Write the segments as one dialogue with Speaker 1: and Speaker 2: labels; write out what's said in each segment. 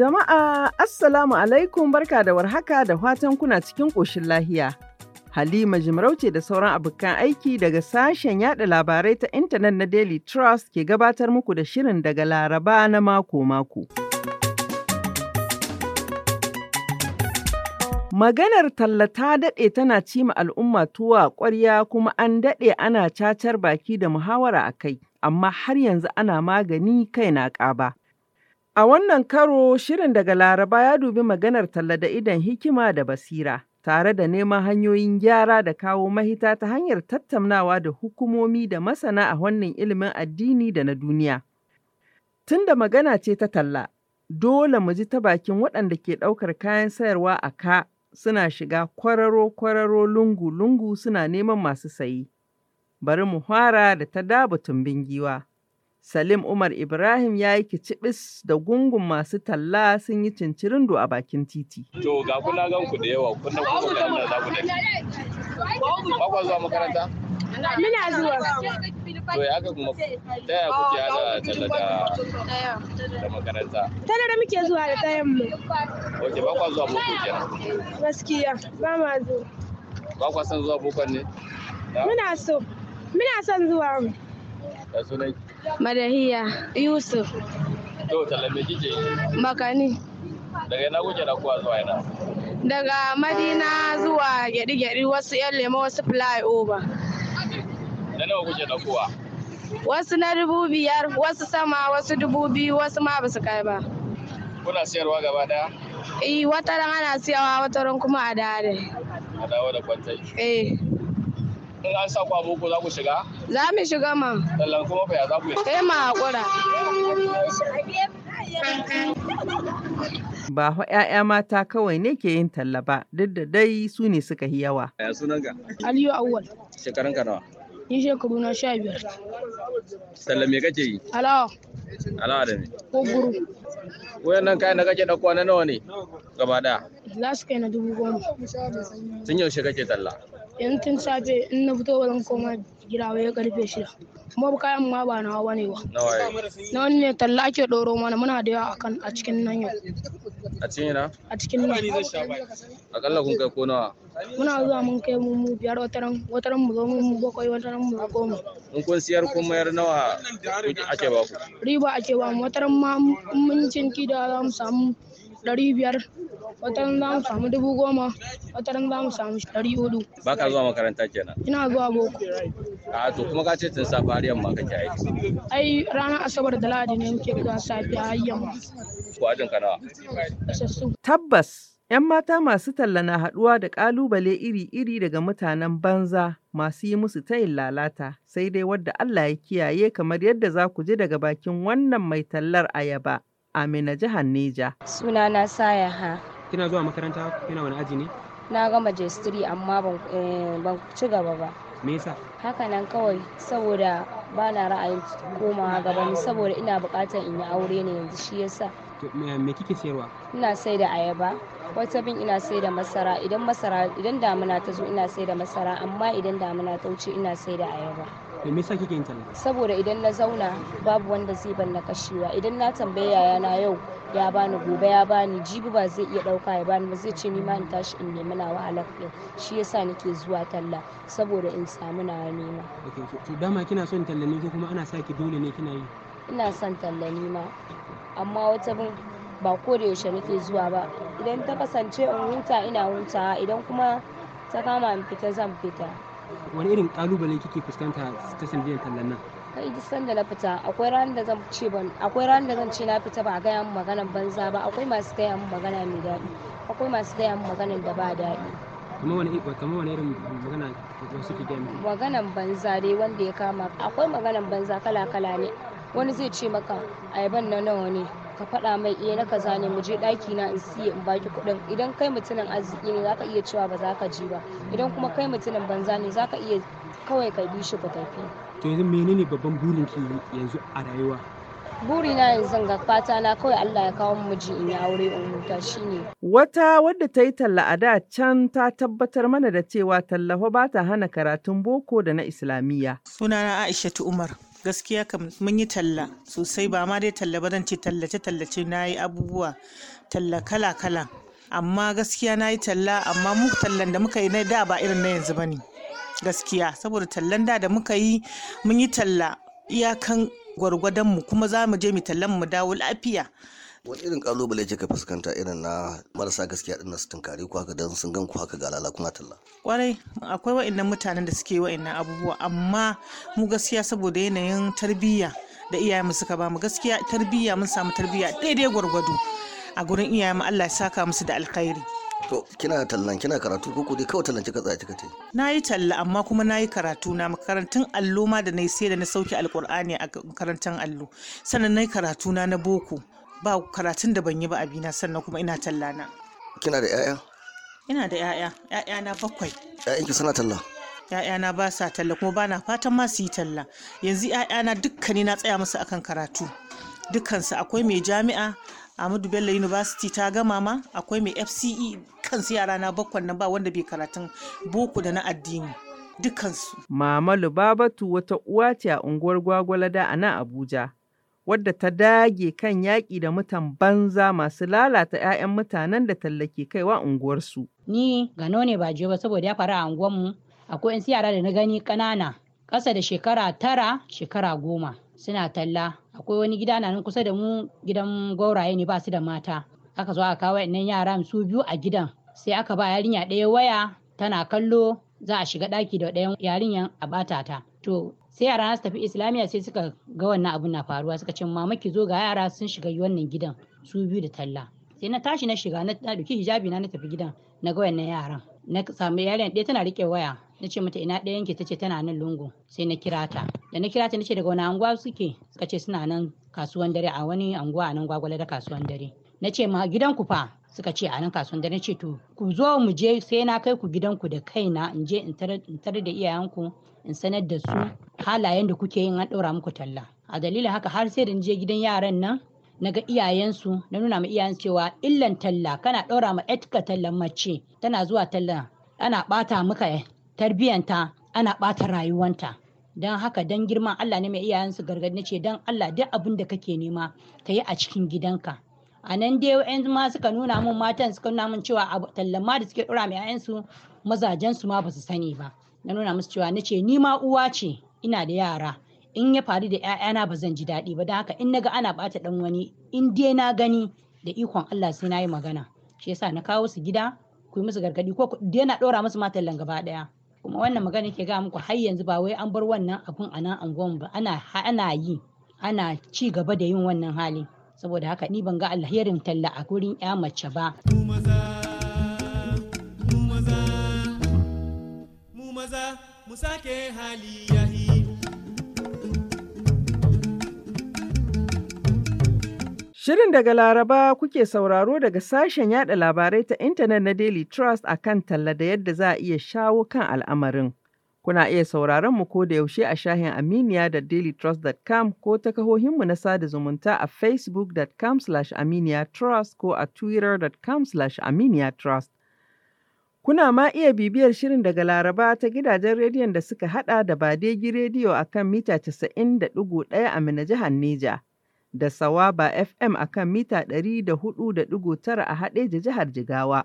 Speaker 1: Jama'a Assalamu alaikum barka da warhaka da fatan kuna cikin ƙoshin lahiya. Halima Jimarauce da sauran abokan aiki daga sashen yada labarai ta intanet na Daily Trust ke gabatar muku da shirin daga Laraba na mako-mako. Maganar ta daɗe tana cima al'umma tuwa ƙwarya kuma an daɗe ana cacar baki da muhawara a kai, amma har yanzu ana magani kai na ƙaba. A wannan karo, shirin daga Laraba ya dubi maganar talla da idon hikima da basira, tare da neman hanyoyin gyara da kawo mahita ta hanyar tattaunawa da hukumomi da masana a wannan ilimin addini da na duniya. Tunda magana ce ta talla, dole mu ji ta bakin waɗanda ke ɗaukar kayan sayarwa a ka suna shiga kwararo-kwararo lungu-lungu suna neman masu sayi. Bari mu fara da ta daba tumbin giwa. Salim Umar Ibrahim ya yi kicibis da gungun masu talla sun yi cincirin a bakin titi. To ga kuna gan ku da yawa kuna kuma ganin da za ku dafi.
Speaker 2: Ba ku zuwa makaranta? Muna zuwa. To ya haka kuma taya ku kuke ala talla da
Speaker 3: da makaranta?
Speaker 2: Tana da muke zuwa da tayan mu.
Speaker 3: Oke ba ku zuwa boko kenan.
Speaker 2: Gaskiya ba ma zo.
Speaker 3: Ba ku san zuwa bokon ne?
Speaker 4: Muna
Speaker 2: so. Muna son zuwa mu. Da sunan Madahiya Yusuf.
Speaker 4: To kike?
Speaker 2: Makani.
Speaker 5: Daga ina kuke da
Speaker 6: kuwa zuwa ina?
Speaker 2: Daga Madina zuwa gyaɗi-gyaɗi wasu 'yan lemo wasu over.
Speaker 3: Da nawa kuke da kuwa?
Speaker 2: Wasu na dubu biyar, wasu sama, wasu dubu biyu, wasu ma basu kai ba.
Speaker 3: Kuna siyarwa gaba daya?
Speaker 2: Eh, wataran ana siyawa, wataran kuma a dare.
Speaker 3: A dawo da kwantai. Eh. in an sa ku a boko za ku shiga?
Speaker 2: Za mu shiga ma.
Speaker 3: Lallan kuma fa ya za ku yi? Eh ma hakura.
Speaker 1: Ba fa ‘ya'ya mata kawai ne ke yin talla ba, duk da dai su ne suka yi yawa. Ya sunan ga? Aliyu Awwal.
Speaker 4: Shekarun ka nawa?
Speaker 2: Ni shekaru na sha biyar.
Speaker 4: Talla me kake yi?
Speaker 2: Alawa. Alawa da me? Ko guru.
Speaker 3: Wayannan kayan da kake da kwana nawa ne? Gaba ɗaya.
Speaker 2: Za su kai na dubu goma.
Speaker 3: Tun yaushe kake talla?
Speaker 2: yanzu tun safe in na fito wurin koma gida wai karfe shida kuma kayan ma ba nawa bane ba na wani ne talla ake doro mana muna da yawa akan a cikin nan yau a cikin na a cikin nan
Speaker 4: akalla kun kai ko nawa
Speaker 2: muna zuwa mun kai mu mu biyar wataran wataran mu zo mu bakwai wataran mu goma
Speaker 4: mun kun siyar kun mayar nawa ake ba ku
Speaker 2: riba ake ba mu wataran ma mun cinki da za mu samu ɗari biyar wataran za mu samu dubu goma wataran za mu samu ɗari hudu.
Speaker 4: Ba ka zuwa makaranta kenan?
Speaker 2: Ina zuwa boko.
Speaker 4: A ah, to kuma ka ce tun safe har yamma ke aiki?
Speaker 2: Ai ranar Asabar da Lahadi ne muke zuwa safiya har yamma.
Speaker 3: Ko ajin ka nawa?
Speaker 1: Tabbas 'Yan mata masu talla na haɗuwa da ƙalubale iri-iri daga mutanen banza masu yi musu tayin lalata, sai dai wadda Allah ya kiyaye kamar yadda za ku ji daga bakin wannan mai tallar ayaba. Amina jihar Neja.
Speaker 7: na Saya ha.
Speaker 3: Kina zuwa makaranta kina wani aji ne?
Speaker 7: Na gama jestiri amma eh, ban ci gaba
Speaker 3: ba. Me yasa?
Speaker 7: Haka nan kawai saboda ba na ra'ayin komawa gaba saboda ina buƙatar in yi aure ne yanzu shi yasa.
Speaker 3: me kike sayarwa
Speaker 7: ina sai da ayaba wata bin ina sai da masara idan masara idan damuna ta zo ina sai da masara amma idan damuna ta wuce ina sai da ayaba
Speaker 8: me kike yin talla
Speaker 7: saboda idan na zauna babu wanda zai balla kashewa idan na tambaye yayana yau ya bani gobe ya bani jibi ba zai iya dauka ya bani ba zai ce ni ma in tashi in nemi na wahalar din shi yasa nake zuwa talla saboda in samu na nema
Speaker 3: to dama kina son talla ne ko kuma ana saki dole ne kina yi
Speaker 7: ina son talla ne ma amma wata bin ba ko da yaushe nake zuwa ba idan ta kasance in huta ina hutawa idan kuma ta kama in fita zan fita
Speaker 3: wani irin kalubale kike fuskanta ta sanadiyar tallan nan
Speaker 7: kai duk sanda na fita akwai ranar da zan ce ban akwai ranar da zan ce na fita ba a gaya min banza ba akwai masu gaya min magana mai daɗi akwai masu gaya min magana da ba daɗi
Speaker 3: kuma wani kuma wani irin magana wasu ke gaya
Speaker 7: maganan banza dai wanda ya kama akwai maganan banza kala kala ne wani zai ce maka ayaban na nawa ne ka faɗa mai eh na kaza ne mu je ɗaki na in siya in baki kuɗin idan kai mutumin arziki ne zaka iya cewa ba za ka je ba idan kuma kai mutumin banza ne zaka iya kawai ka bi shi ku tafi
Speaker 3: to yanzu menene babban burin ki yanzu a rayuwa
Speaker 7: burina yanzu ga fata na kawai Allah ya kawo muji in aure in huta shine.
Speaker 1: Wata wadda ta yi talla a da can ta tabbatar mana da cewa tallafa ba ta hana karatun boko da na Islamiyya.
Speaker 9: Sunana Aisha Umar. gaskiya kam mun yi talla sosai ba ma dai talla ba zan ce tallace tallace na yi abubuwa talla kala kala amma gaskiya na yi talla amma mu tallan da muka yi na da ba irin na yanzu ba ne gaskiya saboda tallan da da muka yi mun yi talla iyakan mu kuma za mu je mu tallan mu dawo lafiya
Speaker 4: wani irin kalubale ce ka fuskanta irin na marasa gaskiya din su tunkari ku haka dan sun gan ku haka ga lala kuma talla
Speaker 9: kwarai akwai wa'annan mutanen da suke wa'annan abubuwa amma mu gaskiya saboda yanayin tarbiyya da iyaye mu suka bamu gaskiya tarbiyya mun samu tarbiyya daidai gwargwado a gurin mu Allah ya saka musu da alkhairi
Speaker 4: To kina tallan kina karatu ko dai kawai tallan kika tsaya kika tai.
Speaker 9: Na yi talla amma kuma na yi karatu na makarantun allo ma da na sai da na sauke alkur'ani a makarantun allo. Sannan na yi karatu na na boko ba karatun da ban yi ba a bina sannan kuma ina talla na kina da ƴaƴa? ina da ƴaƴa, 'ya'ya na bakwai ki suna talla na ba sa talla kuma ba na fatan ma su yi talla yanzu ‘ya'yana dukkani na tsaya musu akan karatu dukkansu akwai mai jami'a Ahmadu Bello University ta gama ma akwai mai FCE kansu yara na bakwan nan ba wanda bai karatun boko da na addini dukkansu.
Speaker 1: Mama Lubabatu wata uwa ce a unguwar Gwagwalada a nan Abuja. wadda ta dage kan yaƙi da mutan banza masu lalata 'ya'yan mutanen da tallake kaiwa unguwarsu.
Speaker 10: Ni gano ne ba ba saboda ya faru a unguwarmu akwai 'yan yara da na gani ƙanana ƙasa da shekara tara shekara goma suna talla akwai wani gida na nan kusa da mu gidan gauraye ne ba su da mata aka zo aka kawo nan yaran su biyu a gidan sai aka ba yarinya ɗaya waya tana kallo za a shiga ɗaki da ɗayan yarinyan a ɓata ta to sai yara su tafi islamiyya sai suka ga wannan abun na faruwa suka ce mama ki zo ga yara sun shiga wannan gidan su biyu da talla sai na tashi na shiga na dauki hijabi na na tafi gidan na ga wannan yaran na samu yaran ɗaya tana rike waya na ce mata ina ɗayan ki ce tana nan lungu sai na kira ta da na kira ta ce daga wani anguwa suke suka ce suna nan kasuwan dare a wani anguwa a nan gwagwale da kasuwan dare na ce ma gidan ku fa suka ce a nan kasuwan dare ce to ku zo mu je sai na kai ku gidanku da kaina in je in tarar da iyayenku in sanar da su halayen da kuke yin an ɗora muku talla a dalilin haka har sai da je gidan yaran nan na ga iyayensu na nuna ma iyayen cewa illan talla kana ɗora ma etika tallan mace tana zuwa talla ana ɓata muka tarbiyanta ana ɓata rayuwanta don haka don girman Allah ne mai iyayensu gargadi na ce don Allah duk abin da kake nema ka yi a cikin gidanka a nan dai wa'yan ma suka nuna min matan suka nuna min cewa tallan ma da suke dora mai 'ya'yansu mazajen su ma ba su sani ba na nuna musu cewa nace ce ni ma uwa ce ina da yara in ya faru da 'ya'yana ba zan ji daɗi ba don haka in naga ana ɓata ɗan wani in dai na gani da ikon Allah sai na yi magana shi yasa na kawo su gida ku yi musu gargadi? ko dai na ɗora musu matallan gaba ɗaya kuma wannan magana ke ga muku har yanzu ba wai an bar wannan abun a nan anguwan ba ana ana yi ana ci gaba da yin wannan hali saboda haka ni ban ga alherin talla a gurin ya mace ba
Speaker 1: Shirin daga Laraba kuke sauraro daga sashen yada labarai ta intanet na Daily Trust a kan talla da yadda za a iya shawo kan al'amarin. Kuna iya sauraron mu ko da yaushe a shahin Aminiya da dailytrust.com ko ta kahohinmu na sada zumunta a facebook.com slash aminiyatrust ko a twitter.com slash aminiyatrust. Kuna ma iya bibiyar shirin daga Laraba ta gidajen rediyon da suka hada da Badegi Rediyo a kan mita 90.1 a Mina jihar Neja, da Sawaba FM a kan mita 104.9 a Haɗeja jihar Jigawa.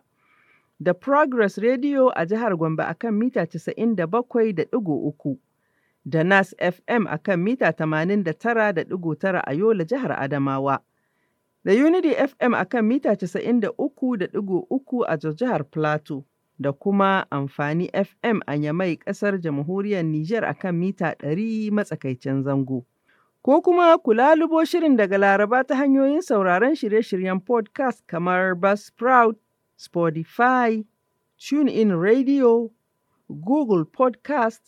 Speaker 1: da Progress Radio a jihar Gombe a kan mita 97.3 da Nas FM a kan mita 89.9 a Yola jihar Adamawa. Da Unity FM a kan mita 93.3 a jihar Plateau da kuma amfani FM a Yamai ƙasar jamhuriyar Nijar a kan mita 100 matsakaicin zango. ko kuma ku lalubo shirin daga Laraba ta hanyoyin sauraron shirye-shiryen podcast kamar Buzzsprout, Spotify, TuneIn Radio, Google Podcast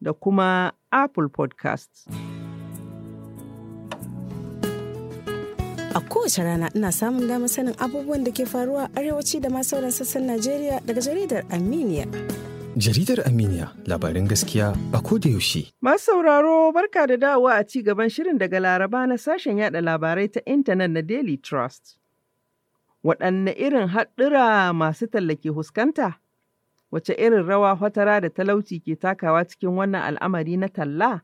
Speaker 1: da kuma Apple Podcast. A kowace
Speaker 2: rana ina samun damar sanin abubuwan da ke faruwa arewaci da ma
Speaker 1: sauran sassan Najeriya daga jaridar Aminiya.
Speaker 5: Jaridar Aminiya labarin gaskiya a
Speaker 1: Masu sauraro barka da dawowa a ci gaban shirin daga Laraba na sashen yada labarai ta intanet na Daily Trust. waɗanne irin haɗɗura masu tallake huskanta? Wace irin rawa fatara da talauci ke takawa cikin wannan al'amari na talla?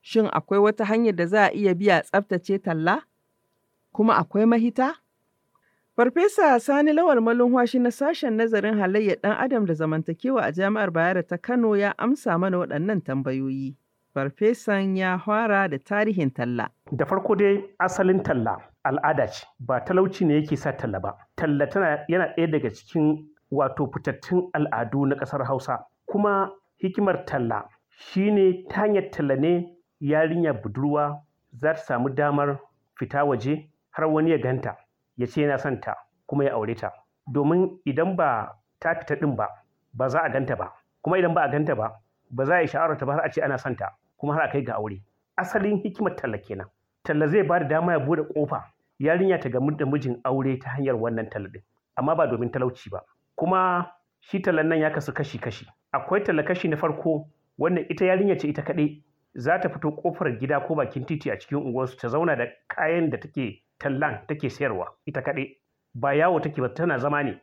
Speaker 1: Shin akwai wata hanyar da za a iya biya tsaftace talla? Kuma akwai mahita? Farfesa Sani Lawal Malumhashi na sashen nazarin halayyar ɗan Adam da zamantakewa a Jami'ar Bayero ta Kano ya amsa mana waɗannan tambayoyi. Farfesan ya fara da tarihin talla. Da farko dai
Speaker 3: asalin talla al'ada ce ba talauci ne yake sa talla ba talla tana yana ɗaya daga cikin wato fitattun al'adu na ƙasar hausa kuma hikimar talla shine ta hanyar talla ne yarinya budurwa za ta samu damar fita waje har wani ya ganta ya ce yana son ta kuma ya aure ta domin idan ba ta fita ɗin ba ba za a ganta ba kuma idan ba a ganta ba ba za a yi ta ba har a ce ana son ta kuma har a kai ga aure asalin hikimar talla kenan talla zai ba da dama ya bude kofa yarinya ta gamu da mijin aure ta hanyar wannan talla din amma ba domin talauci ba kuma shi tallan nan ya kasu kashi kashi akwai talla kashi na farko wannan ita yarinya ce ita kaɗai za ta fito kofar gida ko bakin titi a cikin unguwarsu ta zauna da kayan da take tallan take sayarwa ita kaɗai ba yawo take ba tana zama ne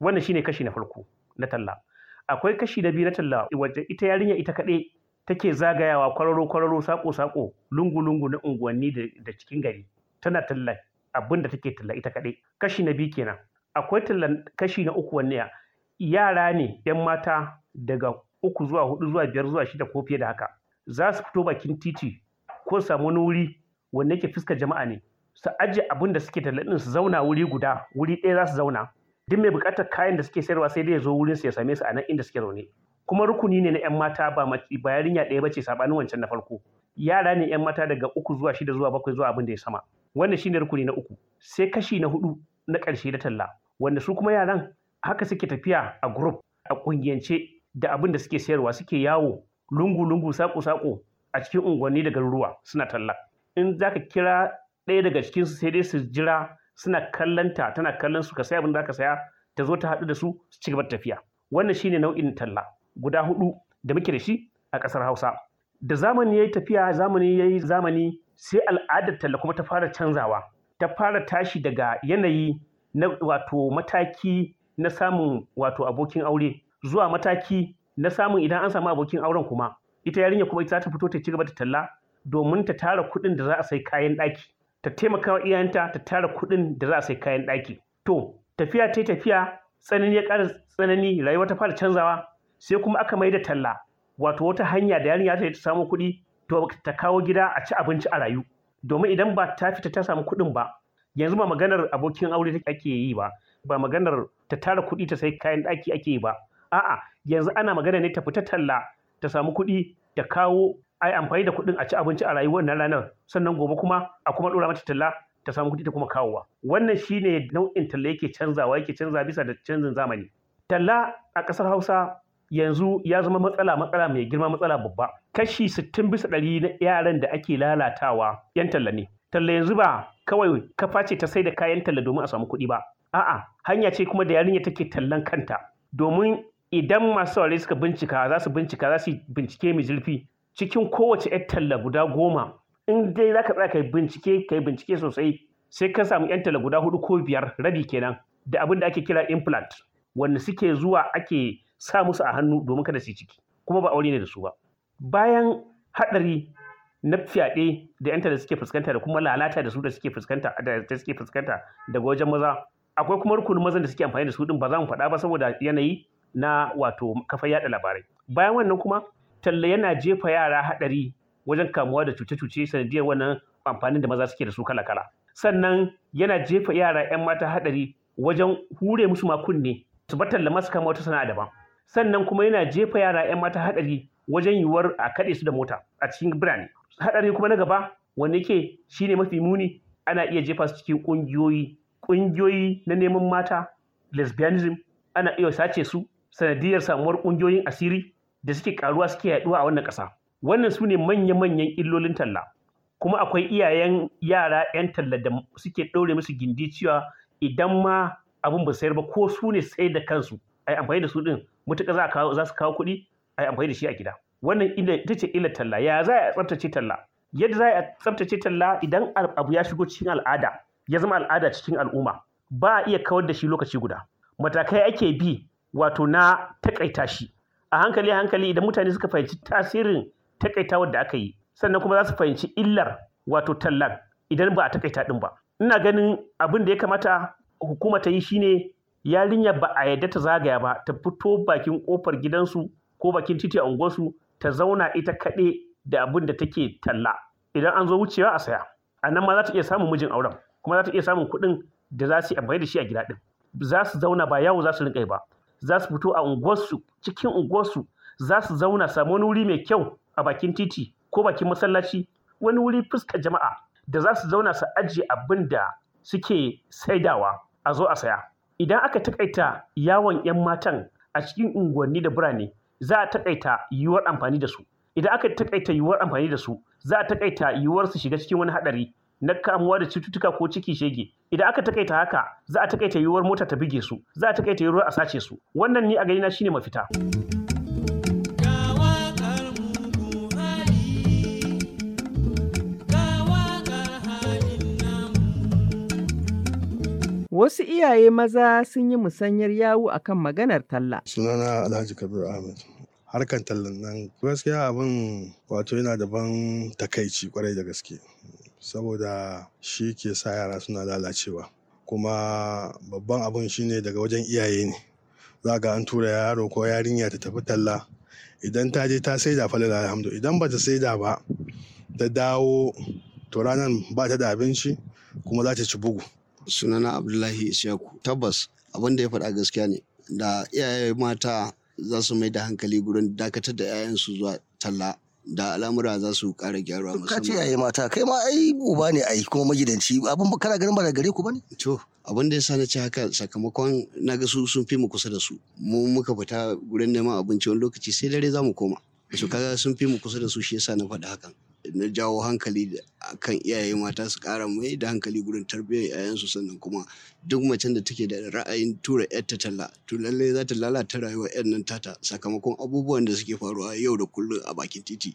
Speaker 3: wannan shine kashi na farko na talla akwai kashi na biyu na talla wajen ita yarinya ita kaɗai take zagayawa kwararo-kwararo sako-sako lungu-lungu na unguwanni da cikin gari tana talla abin da take talla ita kaɗai kashi na biyu kenan akwai tallan kashi na uku wanne yara ne yan mata daga uku zuwa hudu zuwa biyar zuwa shida ko fiye da haka za su fito bakin titi ko samu wuri wanda ke fuska jama'a ne su ajiye abin da suke talla din su zauna wuri guda wuri ɗaya za su zauna duk mai buƙatar kayan da suke sayarwa sai dai ya zo wurin su ya same su a nan inda suke zaune kuma rukuni ne na 'yan mata ba yarinya ɗaya bace saɓanin wancan na farko yara ne 'yan mata daga uku zuwa shida zuwa bakwai zuwa abin da ya sama wannan shine rukuni na uku sai kashi na hudu na ƙarshe da talla wanda su kuma yaran haka suke tafiya a group a ƙungiyance da abin da suke sayarwa suke yawo lungu-lungu sako saƙo a cikin unguwanni da garuruwa suna talla in za kira ɗaya daga cikin su sai dai su jira suna kallanta tana kallon su ka sai abin da ka saya ta zo ta haɗu da su su ci gaba tafiya wannan shine nau'in talla guda hudu da muke da shi a ƙasar Hausa. Da zamani ya yi tafiya zamani ya yi zamani sai al'adar talla kuma ta fara canzawa. Ta fara tashi daga yanayi na wato mataki na samun wato abokin aure zuwa mataki na samun idan an samu abokin auren kuma ita yarinya kuma ita ta fito ta ci gaba da talla domin ta tara kuɗin da za a sai kayan ɗaki ta taimaka wa iyayenta ta tara kuɗin da za a sai kayan ɗaki to tafiya ta yi tafiya tsanani ya ƙara tsanani rayuwa ta fara canzawa sai kuma aka mai da talla wato wata hanya da yarinya ta samu kuɗi to ta kawo gida a ci abinci a rayu domin idan ba ta fita ta samu kuɗin ba yanzu ba maganar abokin aure take ake yi ba ba maganar ta tara kuɗi ta sai kayan ɗaki ake yi ba a'a yanzu ana magana ne ta fita talla ta samu kuɗi ta kawo ai amfani da kuɗin a ci abinci a rayuwar nan ranar sannan gobe kuma a kuma ɗora mata talla ta samu kuɗi ta kuma kawowa wannan shine nau'in talla yake canzawa yake canza bisa da canzin zamani talla a ƙasar hausa yanzu ya zama matsala matsala mai girma matsala babba kashi sittin bisa ɗari na yaran da ake lalatawa yan talla ne talla yanzu ba kawai kafa ce ta sai da kayan talla domin a samu kuɗi ba a'a hanya ce kuma da yarinya take tallan kanta domin idan masu saurare suka bincika za su bincika za su bincike mai zurfi cikin kowace yar talla guda goma in dai za ka tsaya ka bincike ka bincike sosai sai ka samu yan talla guda hudu ko biyar rabi kenan da abin da ake kira implant wanda suke zuwa ake sa musu a hannu domin kada su yi ciki kuma ba aure ne da su ba bayan haɗari na fyaɗe da yanta da suke fuskanta da kuma lalata da su da suke fuskanta da suke fuskanta daga wajen maza akwai kuma rukunin mazan da suke amfani da su din ba za mu faɗa ba saboda yanayi na wato kafar yada labarai bayan wannan kuma talla yana jefa yara haɗari wajen kamuwa da cuce-cuce sanadiyar wannan amfanin da maza suke da su kala-kala sannan yana jefa yara 'yan mata haɗari wajen hure musu ma kunne. su bar talla masu kama wata sana'a daban sannan kuma yana jefa yara 'yan mata haɗari wajen yiwuwar a kaɗe su da mota a cikin birane haɗari kuma na gaba wanda yake shine mafi muni ana iya jefa su cikin ƙungiyoyi ƙungiyoyi na neman mata lesbianism ana iya sace su sanadiyar samuwar ƙungiyoyin asiri da suke karuwa suke yaɗuwa a wannan ƙasa wannan su ne manya-manyan illolin talla kuma akwai iyayen yara 'yan talla da suke ɗaure musu gindi cewa idan ma abin ba sayar ba ko su ne sai da kansu ai amfani da su ɗin mutuƙa za su kawo kuɗi a yi amfani da shi a gida wannan ita ce illar talla ya za a tsaftace talla yadda za a tsaftace talla idan abu ya shigo cikin al'ada ya zama al'ada cikin al'umma ba a iya kawar da shi lokaci guda matakai ake bi wato na takaita shi a hankali hankali idan mutane suka fahimci tasirin takaitawar da aka yi sannan kuma za su fahimci illar wato tallan idan ba a takaita ɗin ba ina ganin abin da ya kamata hukuma ta yi shine Yarinya ba a yadda ta zagaya ba ta fito bakin kofar gidansu ko bakin titi a unguwarsu ta zauna ita kaɗai da abin da take talla idan an zo wucewa a saya a nan ma za ta iya samun mijin auren kuma za ta iya samun kuɗin da za su amfani da shi a gida ɗin za su zauna ba yawo za su rinƙa ba za su fito a unguwarsu cikin unguwarsu za su zauna samu wani wuri mai kyau a bakin titi ko bakin masallaci wani wuri fuska jama'a da za su zauna su ajiye abin da suke saidawa a zo a saya Idan aka takaita yawon 'yan matan a cikin unguwanni da birane, za a taƙaita yiwuwar amfani da su. Idan aka takaita yiwuwar amfani da su, za a takaita yiwuwar su shiga cikin wani haɗari na kamuwa da cututtuka ko ciki-shege. Idan aka taƙaita haka, za a taƙaita yiwuwar mota ta bige su, za a taƙaita yiwuwar a sace su. Wannan ni a ganina shi ne mafita.
Speaker 1: Wasu iyaye maza sun yi musanyar yawo akan maganar talla.
Speaker 5: Sunana Alhaji Kabir Ahmed. Harkan tallan nan gaskiya abin wato yana da ban takaici kwarai da gaske. Saboda shi ke sa yara suna lalacewa. Kuma babban abin shine daga wajen iyaye ne. Za ga an tura yaro ko yarinya ta tafi talla. Idan ta je ta saida falala alhamdu idan ba ta saida ba ta dawo to ranar ba ta da abinci kuma za ta ci bugu. sunana abdullahi isyaku tabbas abin da ya faɗa gaskiya
Speaker 6: ne da iyaye mata za su mai da hankali gurin dakatar da 'ya'yansu zuwa talla da al'amura za su ƙara gyaruwa musamman. Kace ce yayi mata kai ma ai uba ne ai kuma magidanci abin kana ganin ba da gare ku bane? To abin da yasa na ci haka sakamakon na ga su sun fi mu kusa da su mu muka fita gurin neman abinci wani lokaci sai dare za mu koma. Su kaga sun fi mu kusa da su shi yasa na faɗi hakan. na jawo hankali a kan iyaye mata su ƙara mai da hankali gurin tarbiyyar 'ya'yansu sannan kuma duk macen da take da ra'ayin tura 'yarta talla to lallai za ta lalata rayuwar 'yar nan tata sakamakon abubuwan da suke faruwa yau da kullum a bakin titi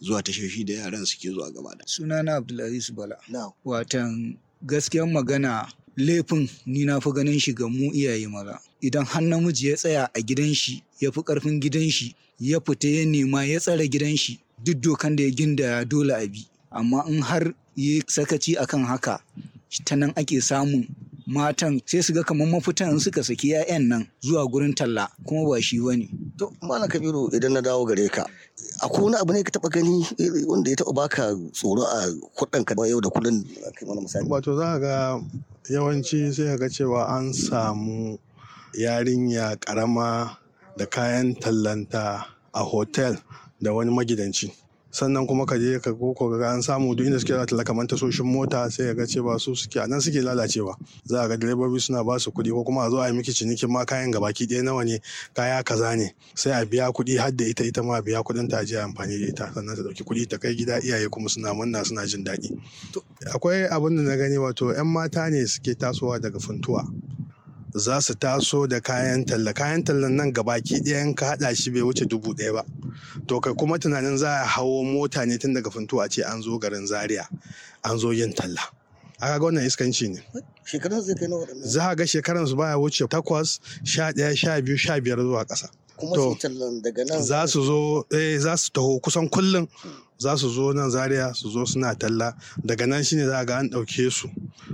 Speaker 6: zuwa shafi da yaran suke zuwa gaba da. Sunana Abdulaziz Bala. Watan gaskiyar magana laifin ni na fi ganin shi ga mu iyaye maza. Idan har namiji ya tsaya a gidan shi ya fi ƙarfin gidan shi ya fita ya nema ya tsare gidan shi duk dokan da ya gindaya dole a bi amma in har ya sakaci akan haka ta nan ake samun matan sai su ga kamar in suka saki 'ya'yan nan zuwa gurin talla kuma ba shi wani
Speaker 4: to malam kabiru idan na dawo gare ka akwai wani abu ne ka taba gani eh, wanda ya taba baka tsoro a kudin ka yau da kullun
Speaker 5: kai mana misali wato za ga yawanci sai ga cewa an samu yarinya karama da kayan tallanta a hotel da wani magidanci sannan kuma ka je ka koko ga an samu duk inda suke latala kamar tasoshin mota sai ga cewa su suke nan suke lalacewa za a ga direbobi suna ba su kuɗi ko kuma a zo a yi miki cinikin ma kayan gabaki ɗaya nawa ne kaya kaza ne sai a biya kuɗi har da ita ita ma a biya kuɗin ta je amfani da ita sannan ta ɗauki kuɗi ta kai gida iyaye kuma suna murna suna jin daɗi akwai abin da na gani wato 'yan mata ne suke tasowa daga funtuwa za su taso da kayan talla kayan tallan nan gabaki in ka haɗa shi bai wuce dubu ɗaya ba to kai kuma tunanin za a hawo mota ne tun daga funtuwa a ce an zo garin zaria an zo yin talla A ga wannan iskanci ne shekaran zai kai na za ga shekaran su baya wuce takwas sha ɗaya sha biyu sha biyar zuwa ƙasa kuma su tallan daga nan za su zo eh, za su taho kusan kullum za su zo nan Zariya su zo suna talla daga nan shine za a ga an ɗauke su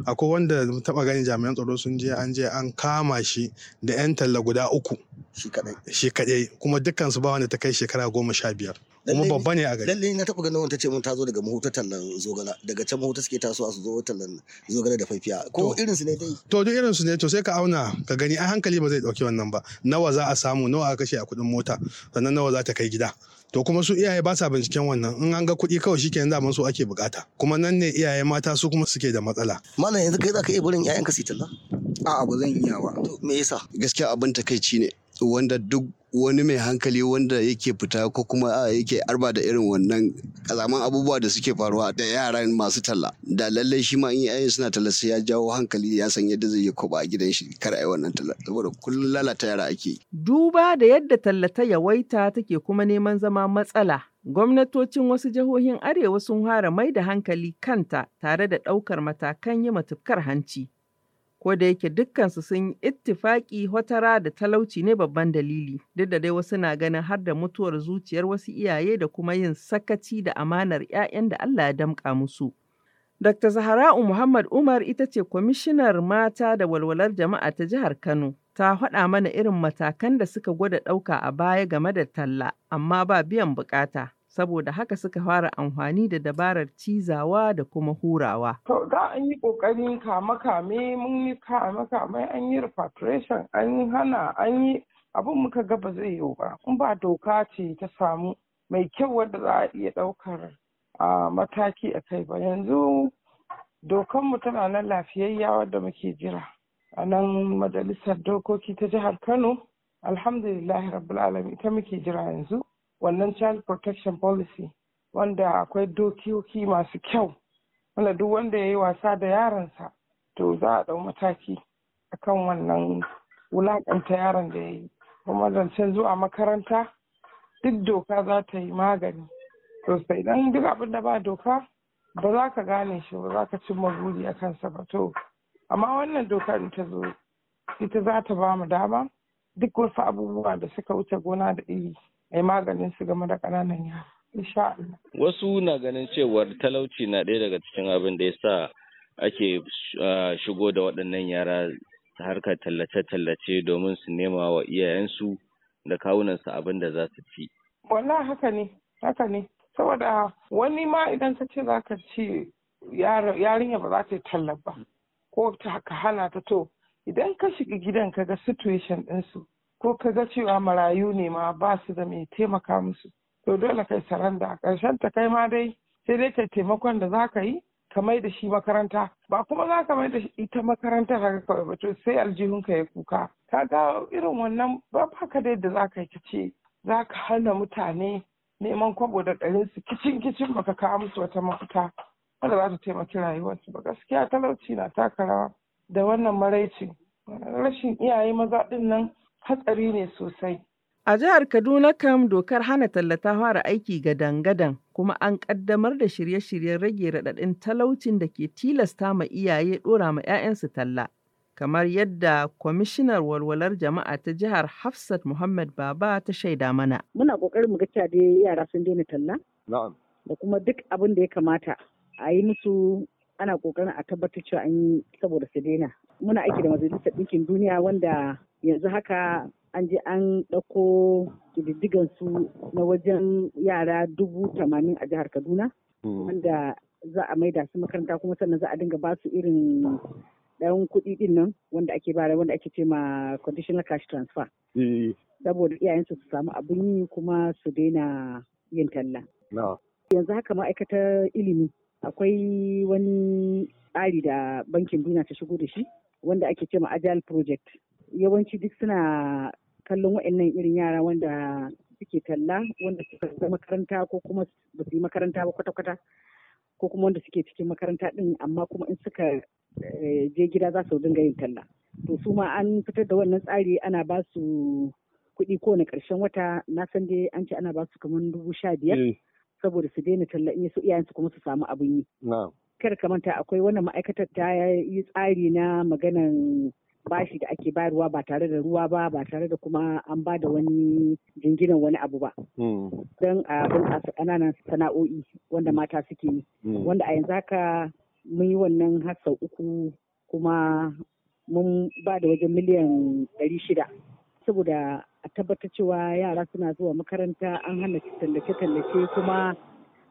Speaker 5: akwai wanda taɓa gani jami'an tsaro sun je an je an kama shi da 'yan talla guda uku shi kadai kuma dukkan su ba wanda ta kai shekara goma sha biyar kuma babba ne a gari
Speaker 4: lalle na taba ganin wanda ce mun ta zo daga mahuta tallan zogala daga can mahuta suke tasowa su zo tallan zogala da faifiya ko irin
Speaker 5: su ne dai to duk irin su ne to sai ka auna ka gani a hankali ba zai dauki wannan ba nawa za a samu nawa a kashe a kudin mota sannan nawa za ta kai gida to kuma su iyaye ba sa binciken wannan in an ga kuɗi kawai shi kenan daman su ake bukata kuma nan ne iyaye mata su kuma suke da matsala mana yanzu kai za ka iya barin ka su talla a'a ba zan iya ba me yasa gaskiya
Speaker 6: abin takaici ne wanda duk wani mai hankali wanda yake fita ko kuma yake arba da irin wannan kazaman abubuwa da suke faruwa da yaran masu talla da lallai shi ma in yayin suna talla sai ya jawo hankali ya san yadda zai yi koba a gidan shi kar ai wannan talla saboda kullum lalata yara ake
Speaker 1: duba da yadda talla ta yawaita take kuma neman zama matsala gwamnatocin wasu jihohin arewa sun fara mai da hankali kanta tare da ɗaukar matakan yi matukar hanci ko da yake dukkansu sun yi ittifaƙi watara da talauci ne babban dalili duk da dai wasu na ganin har da mutuwar zuciyar wasu iyaye da kuma yin sakaci da amanar 'ya'yan da Allah ya damƙa musu. Dr. Zahra'u Muhammad Umar ita ce kwamishinar mata da walwalar jama'a ta jihar Kano. Ta haɗa mana irin matakan da suka gwada ɗauka a baya game da talla, amma ba biyan buƙata. saboda haka suka fara amfani da dabarar cizawa da kuma hurawa.
Speaker 11: To da an yi ƙoƙarin kame-kame mun yi kame-kame an yi repatriation an yi hana an yi abin muka ga ba zai yiwu ba in ba doka ce ta samu mai kyau wadda za a iya ɗaukar mataki a kai ba yanzu dokanmu tana na lafiyayya wadda muke jira a nan majalisar dokoki ta jihar kano alhamdulillahi rabbul alamin ita muke jira yanzu wannan child protection policy wanda akwai dokiyoki masu kyau wanda duk wanda ya yi wasa da yaransa to za a ɗau mataki akan wannan wulaƙanta yaron da ya yi kuma zancen zuwa makaranta duk doka za ta yi magani sosai don duk abin da ba doka ba za ka gane shi ba za ka cimma buri a kansa ba to amma wannan dokar ta zo ita za ta ba mu dama duk wasu abubuwa da suka wuce gona da iri a yi maganin su game da ƙananan yara. Wasu na ganin cewar talauci na ɗaya daga cikin abin da ya sa ake ah, shigo da waɗannan yara ta harkar tallace-tallace domin su nema wa iyayensu da kawunansu abin da za su ci. Wallah haka ne, haka ne. Saboda wani ma idan ka ce za ka ci yarinya ba za ta yi tallaba ba, ko ta hana ta to idan ka shiga gidan ka ga situation ɗinsu ko ka ga cewa marayu ne ma ba su da mai taimaka musu to dole kai saranda a ƙarshen ta kai ma dai sai dai kai taimakon da za ka yi ka mai da shi makaranta ba kuma za ka mai da ita makaranta haka kawai ba to sai aljihunka ya kuka ka ga irin wannan ba ka da za ka yi ka ce za ka hana mutane neman kwabo da ɗarin su kicin kicin baka kawo musu wata mafita wanda za ta taimaki rayuwarsu ba gaskiya talauci na taka rawa da wannan maraicin rashin iyaye maza ɗin nan hatsari ne sosai. A jihar Kaduna kam dokar hana talla ta fara aiki ga
Speaker 1: dangadan kuma an kaddamar da shirye-shiryen rage raɗaɗin talaucin da ke tilasta ma iyaye ɗora ma 'ya'yansu talla. Kamar yadda kwamishinar walwalar jama'a ta jihar Hafsat Muhammad Baba ta shaida mana.
Speaker 8: Muna ƙoƙarin mu ga cewa yara sun daina talla. Na'am. Da kuma duk abin da ya kamata a yi musu ana ƙoƙarin a tabbatar cewa an yi saboda su daina. Muna aiki da majalisar ɗinkin duniya wanda yanzu haka an je an ɗauko ƙididdigan su na wajen yara dubu tamanin a jihar kaduna hmm. wanda za a maida su makaranta kuma sannan za a dinga ba su irin ɗan kuɗi ɗin nan wanda ake bara wanda ake ce ma conditional cash transfer eh. saboda iyayensu su samu abin yi kuma su daina yin talla yanzu haka ma'aikatar ilimi akwai wani tsari da bankin duniya ta shigo da shi wanda ake ce ma agile project yawanci duk suna kallon wa'annan irin yara wanda suke talla wanda suka zama makaranta ko kuma ba su yi makaranta ba kwata-kwata ko kuma wanda suke cikin makaranta din amma kuma in suka eh, je gida za su dinga yin talla to su ma an fitar da wannan tsari ana ba su kuɗi kowane ƙarshen wata na san dai an ce ana ba su kamar dubu sha biyar eh. saboda su daina talla in su iyayensu kuma su samu abin yi. Kada ka manta akwai wannan ma'aikatar ta yi tsari na maganan bashi da ake bayarwa ba tare da ruwa ba ba tare da kuma an ba da wani jinginan wani abu ba. Hmm. Don a bunƙasa ƙananan sana'o'i wanda mata suke yi. Hmm. Wanda a yanzu haka mun yi wannan har sau uku kuma mun ba da wajen miliyan ɗari shida. Saboda a tabbatar cewa yara suna zuwa makaranta an hana tallace-tallace kuma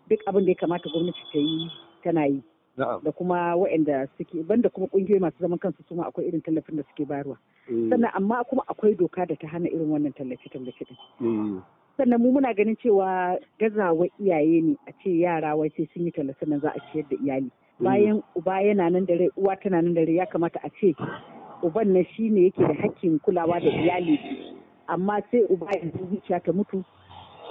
Speaker 8: duk abin da ya kamata gwamnati ta yi tana yi. da kuma waɗanda suke banda kuma ƙungiyoyi masu zaman kansu su ma akwai irin tallafin da suke bayarwa eh. sannan amma kuma akwai doka da ta hana irin wannan tallafi tallafi din
Speaker 11: eh.
Speaker 8: sannan mu muna ganin cewa gazawa iyaye ne a ce yara wai sai sun yi tallafin nan za a ciyar da iyali eh. bayan uba yana nan da rai uwa tana nan da rai ya kamata a ce uban shi shine yake da hakkin kulawa da iyali amma sai uba yanzu zuciya ta mutu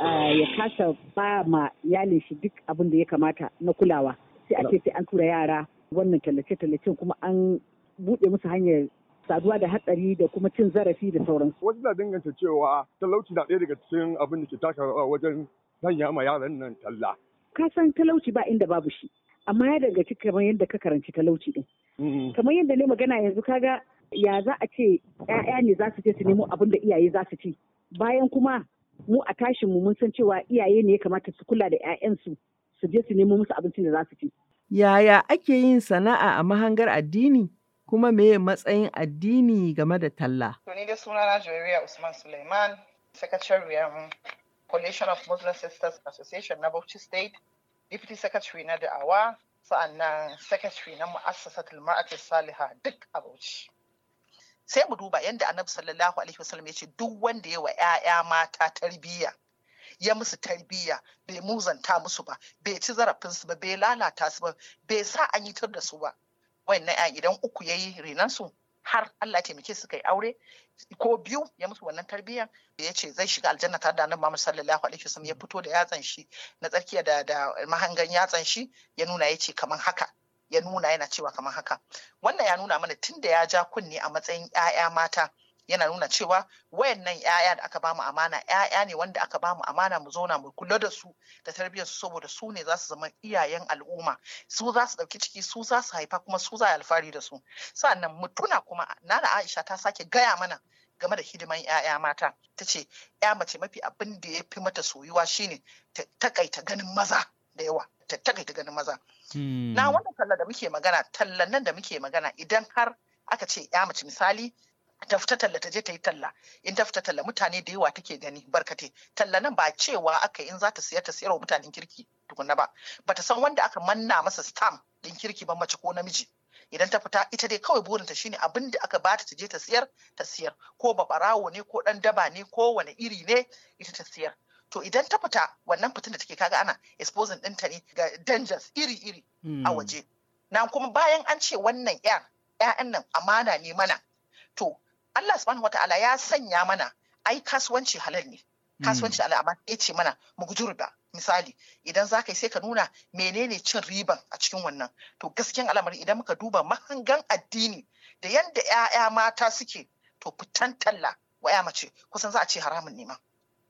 Speaker 8: ah, ya kasa ba ma iyalin shi duk abin da ya kamata na kulawa sai a ce sai an tura yara wannan tallace-tallacen kuma an buɗe musu hanyar saduwa da hatsari da kuma cin zarafi da sauransu.
Speaker 5: Wasu na danganta cewa talauci na ɗaya daga cikin abin da ke taka wajen sanya ma yaran
Speaker 11: nan talla.
Speaker 8: Ka san talauci ba inda babu shi, amma ya daga cikin kamar yadda ka karanci talauci ɗin. Mm. Kamar yadda ne magana yanzu kaga ya za a ce ‘ya'ya ne za su je su nemo abin da iyaye za su ci. Bayan kuma mu a tashin mu mun san cewa iyaye ne ya kamata su kula da ‘ya'yansu su je su nemo musu abincin da za su ci.
Speaker 1: Yaya ake yin sana'a a mahangar addini? Kuma me matsayin addini game da talla?
Speaker 8: To
Speaker 12: ni da na Juriya Usman Suleiman, Secretary sakatariyar um, Coalition of Muslim Sisters Association na Bauchi State, Deputy Secretary na Da'awa, sa'annan Secretary na Mu'assasatul Ma'atul Saliha duk a Bauchi. Sai mu duba yadda Annabi sallallahu alaihi wasallam ya ce duk wanda ya wa 'ya'ya mata tarbiyya ya musu tarbiyya bai muzanta musu ba bai ci zarafinsu ba bai lalata su ba bai sa an yitar da su ba wannan ya idan uku ya yi su har Allah ya taimake su kai aure ko biyu ya musu wannan tarbiyyan da ya ce zai shiga aljanna tare da annabi Muhammad sallallahu alaihi wasallam ya fito da yatsan shi na tsarkiya da da mahangan yatsan shi ya nuna ya kaman haka ya nuna yana cewa kaman haka wannan ya nuna mana tun da ya ja kunne a matsayin ƴaƴa mata yana nuna cewa wayannan 'ya'ya da aka bamu amana 'ya'ya ne wanda aka bamu amana mu zauna mu kula da su da tarbiyyar su saboda su ne za su zama iyayen al'umma su za su ɗauki ciki su za su haifa kuma su za a alfahari da su sa'annan mu tuna kuma nana Aisha ta sake gaya mana game da hidiman 'ya'ya mata ta ce 'ya mace mafi abin da ya fi mata soyuwa shine ta takaita ganin maza da yawa ta takaita ganin maza hmm. na wannan talla da muke magana tallan nan da muke magana idan har aka ce 'ya mace misali ta fita talla ta je ta yi talla in ta fita talla mutane da yawa take gani barkate talla nan ba cewa aka in za ta siya ta wa mutanen kirki tukunna ba ba ta san wanda aka manna masa stamp din kirki ba mace ko namiji idan ta fita ita dai kawai burinta shine abin da aka bata ta je ta siyar ta siyar ko babarawo ne ko dan daba ne ko wani iri ne ita ta siyar to idan ta fita wannan fitin da take kaga ana exposing ta ne ga dangers iri-iri a hmm. waje na kuma bayan an ce wannan 'yan 'ya'yan nan amana ne mana to Allah subhanahu wataala ya sanya mana ai kasuwanci halal ne hmm. kasuwanci da al'amma ya ce mana mu guji riba misali idan za ka yi sai ka nuna menene cin riban a cikin wannan to gaskiyan al'amari idan muka duba mahangan addini da yanda 'ya'ya mata suke to fitan talla wa 'ya mace kusan za a ce haramun ne ma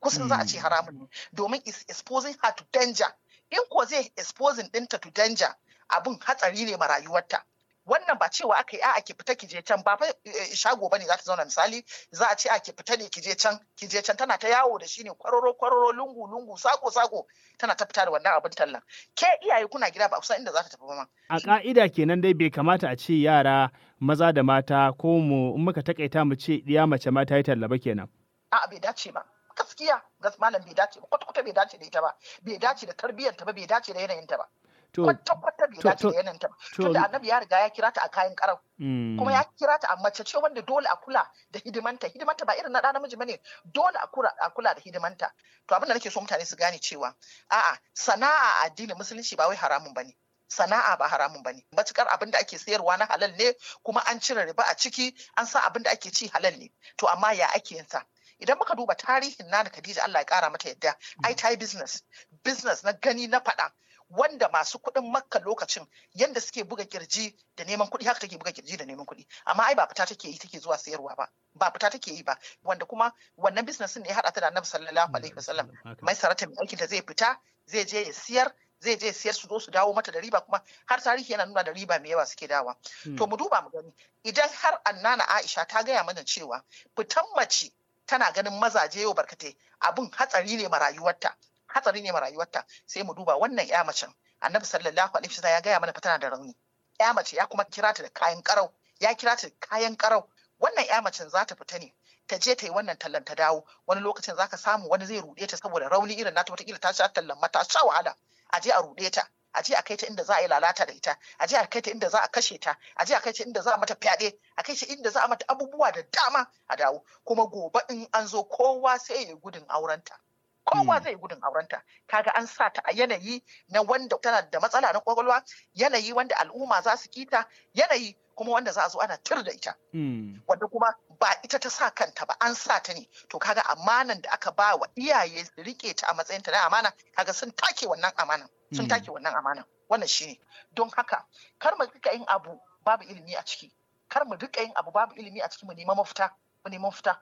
Speaker 12: kusan za a ce hmm. haramun ne domin is exposing her to danger in ko zai exposing dinta to danger abin hatsari ne ma rayuwarta wannan ba cewa aka yi a ki fita ki je can ba fa eh, eh, shago bane za ta zauna misali za a ce a ki fita ne ki je can ki je can tana ta yawo da shi ne kwaroro kwaroro lungu lungu sako sako tana ta fita da wannan abin tallan ke iyaye kuna gida ba kusan inda za ta tafi ba
Speaker 3: a ka'ida kenan dai bai kamata a ce yara maza da mata ko mu in muka takaita mu ce iya mace ma ta yi tallaba
Speaker 12: kenan a'a bai dace ba gaskiya gas malam bai dace ba kwata kwata bai dace da ita ba bai dace da tarbiyyar ta ba bai dace da yanayinta ba kuma tabbatar da dace da yanayin tunda annabi ya riga ya kira ta a kayan karau
Speaker 2: mm. kuma ya
Speaker 12: kira ta a mace ce wanda dole a kula da hidimanta hidimanta ba irin na ɗan namiji bane dole a kula da hidimanta to abin da nake so mutane su gane cewa a'a sana'a addinin musulunci ba wai haramun bane sana'a ba haramun bane matukar abin da ake sayarwa na halal ne kuma an cire riba a ciki an sa abin da ake ci halal ne to amma ya ake yin sa idan muka duba tarihin na Khadija Allah ya kara mata yadda ai ta yi business business na gani na faɗa wanda masu kuɗin makka lokacin yadda suke buga kirji da neman kuɗi haka take buga kirji da neman kuɗi amma ai ba fita take yi take zuwa sayarwa ba ba fita take yi ba wanda kuma wannan business ne ya haɗa ta da annabi sallallahu alaihi wasallam mai sarata mai aikin da zai fita zai je ya siyar zai je siyar su zo su dawo mata da riba kuma har tarihi yana nuna da riba mai yawa suke dawa hmm. to mu duba mu gani idan har annana Aisha ta gaya mana cewa fitan mace tana ganin mazaje yau barkate, abun hatsari ne ma rayuwarta hatsari ne ma rayuwarta sai mu duba wannan ya macen annabi sallallahu alaihi wasallam ya gaya mana tana da rauni ya mace ya kuma kira ta da kayan karau ya kira ta da kayan karau wannan ya macen za ta fita ne ta je ta yi wannan tallan ta dawo wani lokacin zaka samu wani zai rude ta saboda rauni irin nata wata kila ta sha tallan mata sha wahala a je a ruɗe ta a je a kai ta inda za a yi lalata da ita a je a kai ta inda za a kashe ta a je a kai ta inda za a mata fyaɗe a kai ta inda za a mata abubuwa da dama a dawo kuma gobe in an zo kowa sai ya gudun aurenta kowa mm. zai gudun aurenta kaga an sa ta a yanayi na wanda tana da matsala na kwakwalwa yanayi wanda al'umma za su kita yanayi kuma wanda za a zo ana tir da ita mm. wanda kuma ba ita ta sa kanta ba an sa ta ne to kaga amanan da aka ba wa iyaye rike ta a matsayinta na amana kaga sun take wannan amanan sun mm. take wannan amanan wannan shine don haka kar mu rika yin abu babu ilimi a ciki kar mu rika yin abu babu ilimi a ciki mu nema mafita mu nema mafita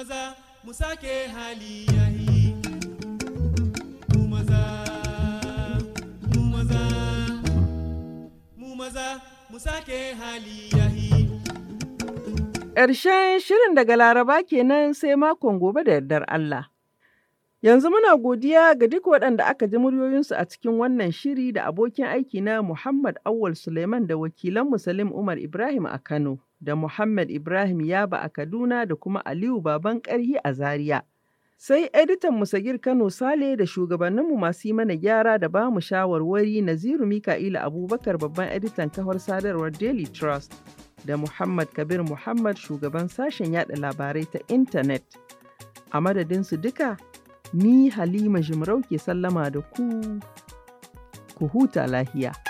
Speaker 12: maza
Speaker 3: mu hali yahi maza mu hali yahi
Speaker 1: Ƙarshen shirin daga Laraba kenan sai makon gobe da yardar Allah. Yanzu muna godiya ga duk waɗanda aka ji muryoyinsu a cikin wannan shiri da abokin aiki na Muhammad Awal Suleiman da wakilan Musalim Umar Ibrahim a Kano. da Muhammad Ibrahim Yaba a Kaduna da kuma Aliyu Baban Ƙarhi a Zaria. Sai editan Musagir Kano Sale da shugabanninmu masu yi mana gyara da ba mu shawarwari Naziru Mika'ila Abubakar babban editan kawar sadarwar Daily Trust da Muhammad Kabir Muhammad shugaban sashen yada labarai ta intanet. A madadinsu duka, ni Halima Jimarau ke sallama da ku, ku huta lahiya.